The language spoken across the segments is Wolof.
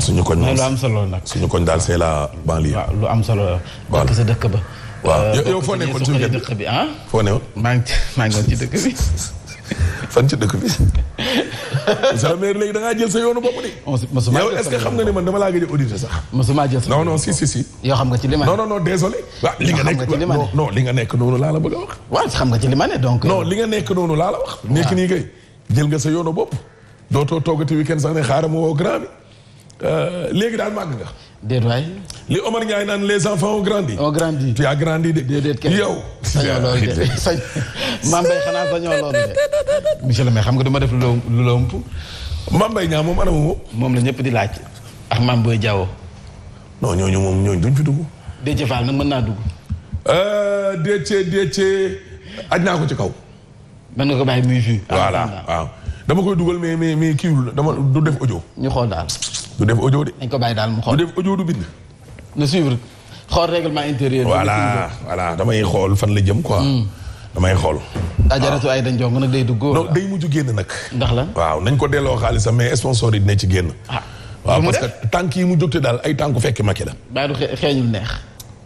waaw suñu koñ moom lu am solo nag suñu koñ daal c'est lu am solo la. sa dëkk ba. waaw euh, yow foo nekkoon ci dëkk bi ah. foo nekkoon maa bi. fan ci dëkk bi. sa mère léegi da ngaa jël sa yoonu bopp de. mosuma yow est-ce que xam nga ne man dama laa gëj a auditer sax. mosuma jël sa non non si si si. yoo xam nga ci li ma ne. non ah, li nga nekk non li nga nekk noonu laa la bëgg a wax. waaw xam li ma ne donc. Euh, nekk la wax. nekk nii kay jël nga sa yoonu bopp. dootoo toogati weekend sax ne xaaral woo grand Euh, léegi daal màgg nga. déet waay. li Omar Ndiaye naan les enfants ont grandi. ont grandi tu as grandi de. déedéet kenn yow. sañoo loolu de sañ Mame Mbaye monsieur le maire xam nga du ma def lu la ëmp. Mame Mbaye ñaa moom anamu moom la ñëpp di laaj. ak Mame Boye Diao. non ñooñu moom ñooñu duñ fi dugg. Déthié Fall nag mën naa dugg. Euh, Déthié Déthié aj naa ko ci kaw. mën nga ko bàyyi muy fii. voilà waaw dama koy dugal mais mais mais kiiwul dama du def audio. ñu xool daal. lu def audio de. dañ ko bàyyi daal mu xool du def audio du bind. na suivre xool règlement intérieur. voilà voilà damay xool fan la jëm ko hmm. damay xool. ajaratu ay dañ jox nag day dugg. non day mujj génn nag. ndax la waaw nañ ko delloo xaalisam mais sponsor yi dina ci génn. Ah. waaw parce que tànk yi mu jógte daal ay tànku fekk ma ki la. baa du xeeñul neex.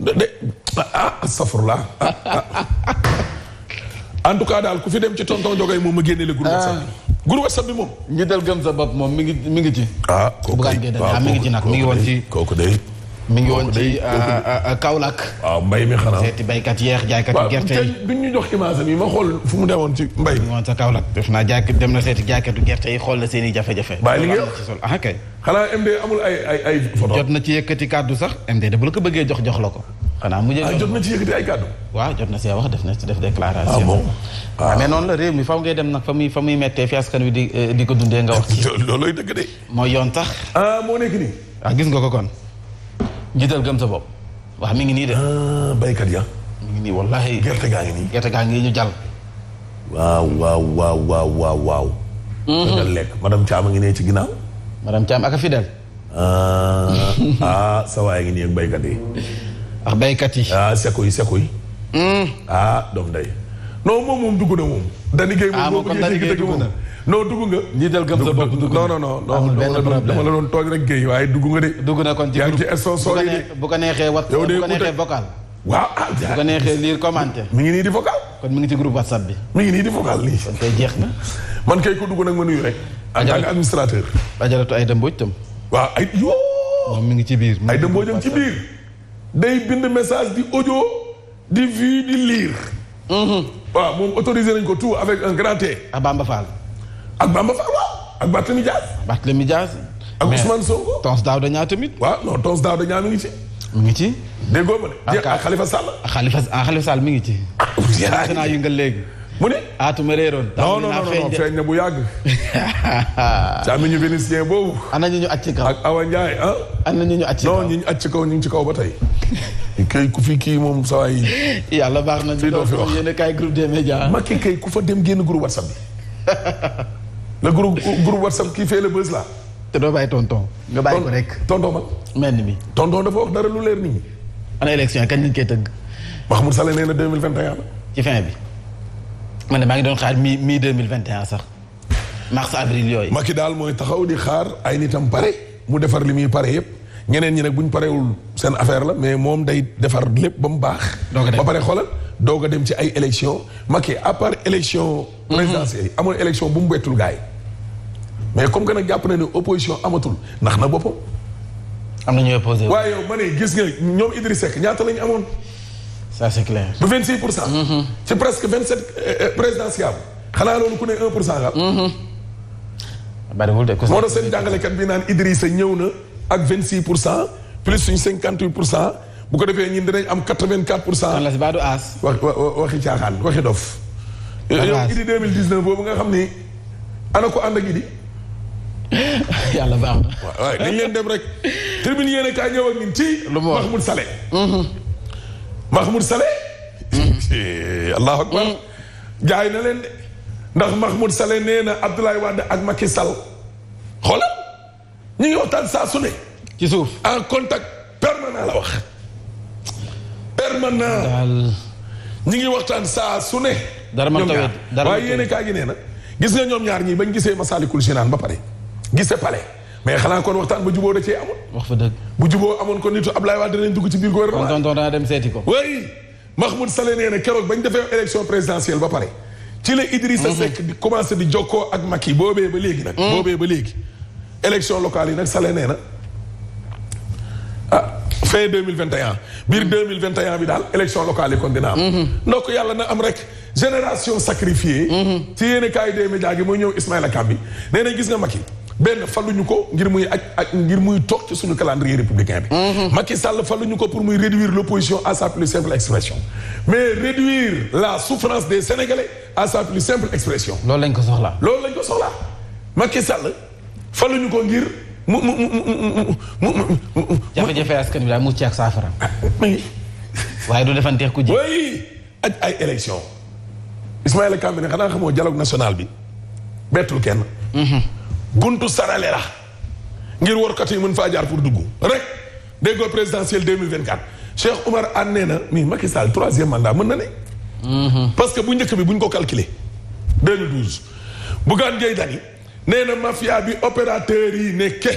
de ah, ah la ah, en tout cas daal ku fi dem ci tonton Jogay moom ma génne la groupe WhatsApp. groupe whatsapp bi moom. ngi dal gëm sa bopp moom mi ngi mi ngi ci. ah kooku de waaw ah, mi ngi ci nag mi ngi woon ci. kooku de mi ngi woon ci ah, ah, Kaolack. waaw mbay mi xanaa seeti baykat yeex jaaykat gerte bi ñu jox image yi ma xool fu mu demoon ci mbay. mi ngi woon sa def naa jaaykat dem na seeti jaaykatu gerte yi xool na seen i jafe-jafe. bàyyi li ah kay. ay ay ay photo jot na ci yëkkati kàddu sax MD da bu la ko bëggee jox jox la ko. xanaa mu jël ah, jot na ci yëkkati ay kàddu. waaw jot na see wax def na ci def déclaration. ah bon ah. Ah. noonu la réew mi faw ngay dem nag fa muy fa muy méttee fi wi eh, di ko dundee nga wax ci. loolooy dëgg de. mooy yoon sax ah moo nekk nii. gis nga ko kon. gëm sa bopp. wax mi ngi nii de. baykat ya. mi ngi nii wallaahi. gerte gaa ngi nii gerte gaa ngi ñu jàll. waaw waaw waaw waaw waaw waaw. Mhm. danga lekk madame a ngi ne ci ginnaaw. madame Thiam ak a fidèle. ah ah ngi nii ak baykat yi. ndax baykat yi. ah seko yi seko yi. ah doom day non moom moom dugg na moom. Dani Gueye moom ah, moom ngeen dugg na non dugg nga. ñi dal gëm sa bopp dugg na non non non. amul benn problème la doon tooñ rek Gueye waaye dugg nga de. dugg na kon ci groupe bu ko neexee WhatsApp bu ko neexee vocal. waaw ah mi ngi nii di vocal. kon mi ngi ci groupe WhatsApp bi. mi ngi nii di vocal lii. kon kay jeex na. man kay ko dugg nag ma nuyu rek. en tant que administrateur. ajaratu ay dëmbooj tam. waa ay yoo. moom ngi ci biir ay dëmboojam ci biir day bind message di audio di vue di lire. Mhm. waaw moom autorisé nañ ko tout avec un grand T. ak Bamba Fall. ak Bamba Fall waaw ak Barthélemy Diaz. Barthélemy Diaz. ak Ousmane Sonko. Tons Daouda Niang tamit. waaw non Tons Daouda Niang mi ngi ci. mi ngi ci. déggoo ma de. ak ah, Khalifa Sall. ak ah, Khalifa Sall mi ngi ci. ah naa nga léegi. mu ne. aatuma ah, réeroon. non non non feeñ na bu yàgg. caamiñu vénitien boobu. ana ñu ñu at ci kaw ak Awa Ndiaye ah. ana ñu ñu at ci kaw non ñu ñu ci kaw ñu ngi ci kaw ba tey. kay ku fi kii moom soo yi. yàlla baax na ñu doon fi wax yéen kaay groupe des médias. ma kii kay ku fa dem génn groupe whatsapp bi. le groupe groupe whatsapp kii fait le buzz là. te doo bàyyi tonton. nga bàyyi ko rek tonton ma mel ni bi tonton dafa wax dara lu leer nit ñi. ana élection kañ lañ koy tëgg. Mahmoud Saleh nee na deux mille vingt fin bi. man ne maa ngi doon xaar mi mi deux mille vingt et un sax mars avril yooyu. Macky daal mooy taxaw di xaar ay nitam pare mu defar li muy pare yëpp ñeneen ñi nag bu ñu parewul seen affaire la mais moom day defar lépp ba mu baax. ba pare xoolal doog a dem ci ay élection Macky à part élection. Mhm. présidentielle amul élection bu mu bettul gars yi mais comme que nag jàpp na ne opposition amatul ndax na boppam. am na ñuy opposé waaye yow ma gis nga ñoom Idriss Seck ñaata la ñu amoon. ça c'est clair du 26 pour cent. Mm-hmm. ci presque 27 euh, euh, présidentiable xanaa loolu ku ne 1 pour cent la. Mm-hmm. moo tax seen jàngalekat bi naan Idrissa ñëw na ak 26 pour cent plus suñ 58 pour cent bu ko defee ñun dinañ am 84 pour cent. wallaahi baadu aas. wax waxi caaxaan waxi dof. yow Idi nga xam ni ana ko ànd ak Idi. yàlla baax na. waaw waaye dañ leen dem rek. tribune yéen a kaay ñëw ci. lu mu wax Mahmoud Saleh. Mm-hmm. Mahmoud Saleh eh, allahu akbar eh. jaay na leen de ndax Mahmoud Saleh nee na Abdoulaye Wade ak Macky Sall xoolal ñu ngi waxtaan saa sune ci suuf en contact permanent la wax permanent ñu ngi waxtaan saa su ne ñoom ñaar waaye yéene kaa gi nee gis nga ñoom ñaar ñii bañ gisee Masalikul Jinaan ba pare gise palais mais xanaa kon waxtaan ba juboo da cee amoon. wax fa dëgg. bu juboo amoon kon nitu Ablaye Wade danañ dugg ci biir gouvernement. kon tonton daa dem seeti ko. oui Mahmoud Saleh nee na keroog bañ defee élection présidentielle ba pare. ci la Idrissa mhm. Seck di commencé di jokkoo ak Macky boobee ba léegi nag. Mhm. boobee ba léegi. élection locale yi nag Saleh nee na ah fin deux mille vingt et un biir mhm. deux mille vingt et un bi daal élection locale yi kon dina am. donc yàlla na am rek. génération sacrifiée. ci yéen a kaay des médias gi mooy ñëw Ismaïla Kambi nee na gis nga Macky. benn faluñu ko ngir muy ak ak ngir muy toog ci suñu calendrier républicain bi. Mhm. Macky Sall faluñu ko pour muy réduire l' opposition à sa plus simple expression. mais réduire la souffrance de Sénégalais à sa plus simple expression. loolu lañ ko soxla loolu lañ ko soxla Macky Sall faluñu ko ngir mu mu mu mu mu mu. jafe-jafe askan bi daal mu ci ak saafara. Ah, waaye du defanteeku ji. oui ak ay élection Ismaïla Kamberé xanaa xamoo dialogue national bi bettul kenn. Mhm. guntu sarale la ngir warkat yi mën faa jaar pour dugg rek déggoo présidentielle 2024 Cheikh Oumar Anne nee na mii Macky Sall troisième mandat mën na ne. Mhm. parce que bu njëkk bi bu ñu ko calculer 2012 Bougane Gueye Dany nee na mafia bi opérateur yi nekke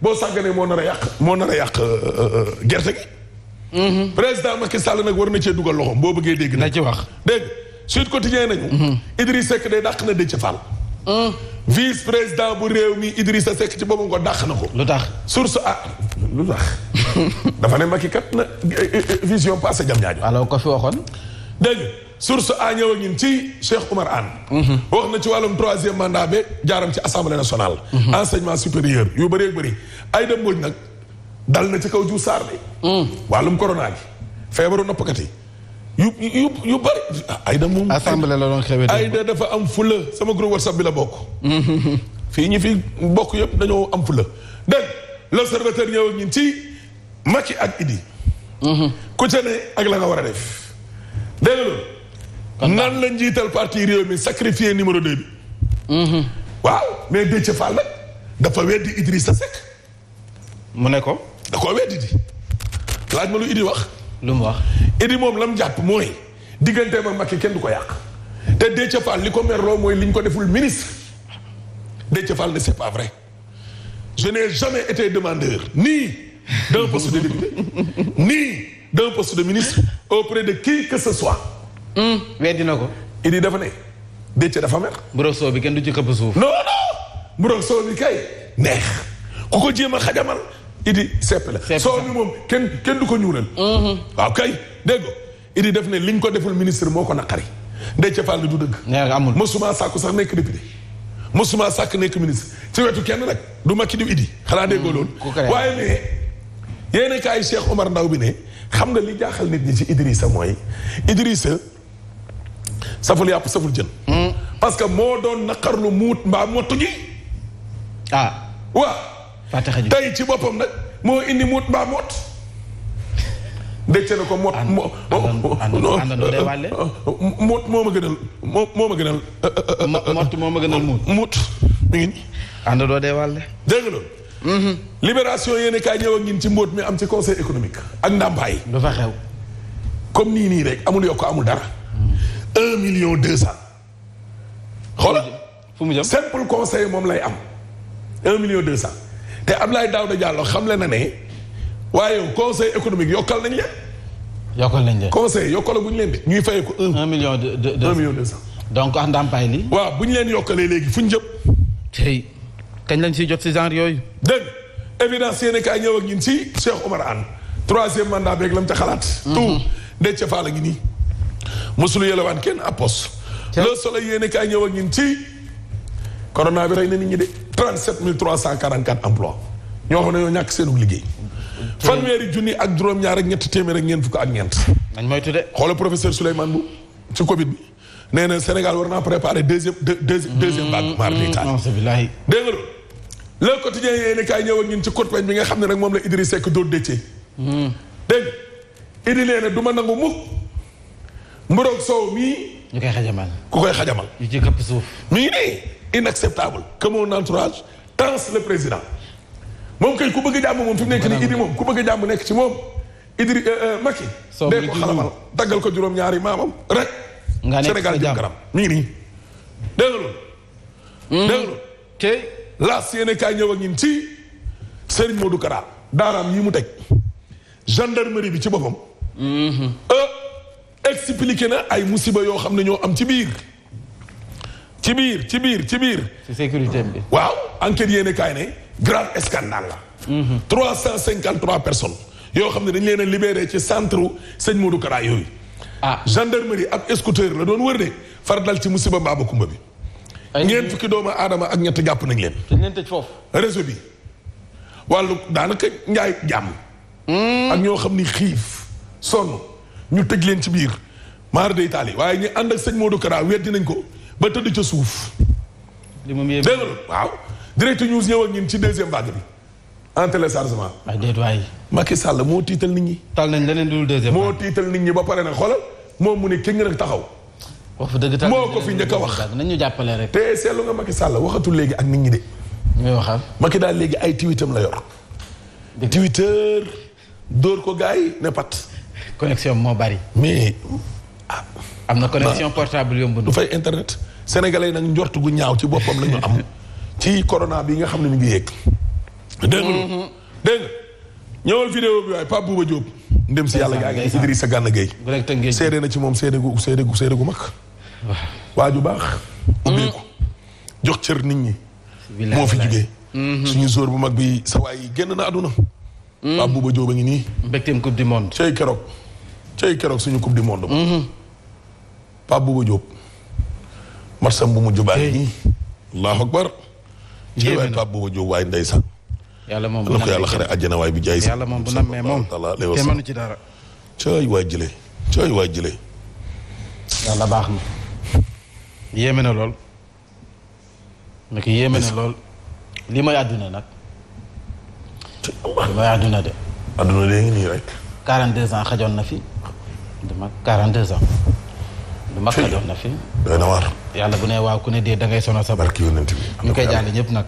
boo sàgganee moo nar a yàq moo nar a yàq euh, euh, gerte gi. Mhm. président Macky Sall nag war na cee dugal loxoom boo bëggee dégg. na ci wax dégg Sud Quotidien nañu. Mhm. Idriss Seck day dàq na Déthié Fall. vice président bu réew mi Idrissa Seck ci boobu nga dàq na ko. lu tax source a lu tax dafa ne Macky kat na eh, eh, eh, vision passé jam ñaajo. alors ko fi waxoon. dégg source a ñëw ñun ci Cheikh Oumar Anne. Mhm. wax na ci wàllum troisième mandat bi jaaram ci assemblée nationale. Mhm. enseignement supérieur yu bëree bëri ay dem nag dal na ci kaw ju saar bi. wàllum corona gi feebaru nappkat yi. yu yu yu bëri. ayda moom assemblée la doon xewee. ayda dafa am fula sama groupe whatsapp bi la bokk. fii ñi fi bokk yëpp dañoo am fula. dégg l'observateur ñëw ak ñun ci Macky ak Idi. Mhm. ku ca ne ak la nga war a def. dégg nga nan la njiital parti réew mi sacrifié numéro 2 mhm. waaw mais Déthié Fall nag dafa weddi sa Seck. mu ne ko. da koo weddi di laaj ma lu Idi wax. lu mu wax. Idi moom la mu jàpp mooy digganteem ak Macky kenn du ko yàq te Déthié Fall li ko merloo mooy li ñu ko deful ministre Déthié Fall ne c'est pas vrai je n'ai jamais été demandeur ni d'un poste de député ni d'un de ministre auprès de qui que ce soit. Hmm, weddi na ko. Idi dafa ne Déthié dafa mer. mburoog soo bi kenn du ci këpp suuf. non non mburoog soo bi kay neex ku ko jéem a xajamal. idi sepp la soo bi moom kenn kenn du ko ñuulal mm-hmm. waaw kay dégg nga idi def ne liñ ko deful ministre moo ko naqari Déthié Fall du dëgg mosuma sàkku sax nekk député mosuma sàkk nekk ministre ci wetu kenn nag du makki diw idi xanaa mm-hmm. déggoo loolu waaye ne yéen kaay Cheikh Omar Ndaw bi ne xam nga li jaaxal nit ñi ci Idrissa mooy Idrissa saful yàpp saful jën mm-hmm. parce que moo doon naqarlu muut mbaa mottu ji ah tey ci boppam nag moo indi muut mbaa moot dégg na ko mot moo mot moo ma gënal moo moo ma gënal. mot moo ma gënal muut. muut mi ngi nii. àndandoo dee wàlle. dégg nga loolu. Mhm. libération yéen kaay ñëw ak ci mbóot mi am ci conseil économique ak ndàmpaay. lu fa xew. comme nii nii rek amul yokk amul dara. Mhm. un million deux cent. xoolal fu mu jëm simple conseil moom lay am. un million deux cent. te Abdoulaye Daouda xam xamle na ne waaye conseil économique yokkal nañ leen. yokkal nañ leen conseil yokkale bu ñu leen de. ñuy fayee ko un. un million de de un million deux cent. donc waaw bu ñu leen yokkalee léegi fu ñu jëm. kañ lañ siy jot si genre yooyu. dégg évidence yéen kaay ñëw ak ñun si Cheikh Omar Anne troisième mandat beeg lam ca xalaat. Mm-hmm. tout de Fall la ngi nii. mosul yelewaan kenn apos. le soleil yéen kaay ñëw ak ñun ci corona bi rek na nit ñi de. 37 344 emplois ñoo xam ne ñoo ñàkk seenug liggéey. fanweeri junni ak juróom-ñaar rek ñetti téeméer rek ñeent fukk ak ñeent. nañ mooy tuddee. xoolal professeur Souleymane bu ci Covid bi nee na Sénégal war naa préparer deuxième deuxième vague. mar d' état dégg nga le quotidien yéen kaay ñëw ak ñun ci code peñ bi nga xam ne nag moom la Idriss Seck doon dëccee. Mm. dégg nga na du ma nangu mukk mburoog soow mii. ñu koy xajamal ku koy xajamal. ñu ci këpp suuf mi ngi nii. inacceptable que mon entourage tense le président moom kay ku bëgg a moom fi nekk nii Idi moom ku bëgg a nekk ci moom Idri euh, euh, Macky. soo ko xalamal daggal ko juróom-ñaari maamam rek. nga nekk Sénégal jëm kanam mi nii. dégg nga hmm. dégg nga laas yéen kaay ñëw ak ñun ci Serigne Modou Kara daaraam yi mu teg gendarmerie bi ci boppam. Hmm. Euh, expliqué na ay musiba yoo xam na ñoo am ci biir. ci biir ci biir ci biir. ci bi. waaw enquête yéen a kaay ne grave scandale la. Mhm. trois cent cinquante trois yoo xam ne dañ leen a libéré ci centre sëñ Modou Kara yooyu. ah gendarmerie ab escouteur la doon wër de far dal ci musiba mbaaba kumba bi. ñeent fukki doomu aadama ak ñett jàpp nañ leen. dañ leen tëj foofu. réseau bi wàllu daanaka njaay jàmm. Hmm. ñoo xam ni xiif ñu tëj leen ci biir maar day taali waaye ñu ànd ak sëñ Modou Kara weddi nañ ko. ba tëdd ca suuf. li moom yëg dégg nga waaw. direct news ñëw ak ñun ci deuxième vague bi en téléchargement. ah déet waay. Macky Sall moo tiital nit ñi. tal nañ leneen dul deuxième moo tiital nit ñi ba pare nag xoolal moo mu ne ki nga taxaw. wax fa dëgg moo ko fi njëkk a wax nañu jàppale rek. te seetlu nga Macky Sall waxatul léegi ak nit ñi de. ñooy waxal Macky daal léegi ay tiwitam la yor. Twitter dóor ko gars yi ne pat. connexion moo bari. mais. am na connexion portable yomb du fay internet sénégalais nag njort gu ñaaw ci boppam la ñu am ci corona bi nga xam ne ñu ngi yéeg dégg nga mhm. dégg nga ñëwal vidéo bi waaye Pape Bouba Diop ndem si yàlla gaa ngi Idrissa Gana na ci moom seede gu seede gu seede gu mag waa ju baax mhm. ubbeeku jox cër nit ñi moo fi jugee mhm. suñu sóor bu mag bi sa waay génn na àdduna Pape Bouba Diop a ngi nii mbégteem coupe du monde keroog cay keroog suñu coupe du monde Pape Bouba Diop marsam bu mu jubaa nii allahu akbar ci waay Pape Bouba Diop waay ndeysaan yàlla moom bu yàlla xare àjjana waay bi jaay yàlla moom bu nammee moom te mënu ci dara cay waay jëlee cay waay jëlee yàlla baax na yéeme na lool nag yéeme na lool li mooy àdduna nag li mooy àdduna de àdduna léegi nii rek 42 ans xajoon na fi dama 42 ans lu mag la doon na fi. doy na waar. yàlla bu ne waaw ku ne dee da ngay sonal sa bopp. bi ñu koy jaale ñëpp nag.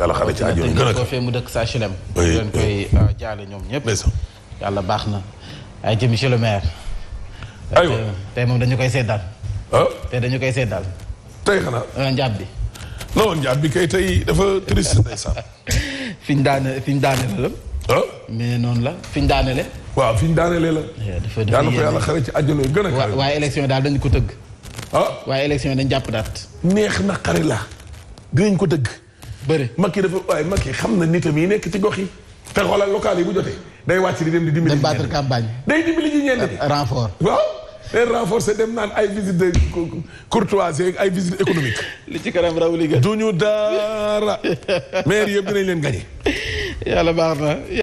yàlla xale ci àjjana gën a ko fee mu dëkk sa HLM. ñu leen koy euh, jaale ñoom ñëpp. yàlla baax na. ay jëm monsieur le maire. aywa tey moom dañu koy seddal. Ah? tey koy seddal. tey xanaa. Euh, njaab bi. non njaab bi kay tey dafa triste ndeysaan. fi ñu daane fi daane la. Ah? mais noonu la fi ñu daane le waaw fi ñu daanelee la. dafa dafa yéeme yàlla xare ci àjjana yu gën a. waaw waaye élection daal dañ ko tëgg. ah waaye élection jàpp daat. neex na xare la dinañ ko tëgg. bëri Macky dafa waaye Macky xam na nitam yi nekk ci gox yi. te xoolal local yi bu jotee day wàcc di dem di dimbali. dem battre campagne day dimbali ji ñenn bi renfort dem naan ay visite de courtoisie ay visite économique. li ci kanam raw li gën. duñu daara maire yëpp dinañ leen gagné. yàlla baax na.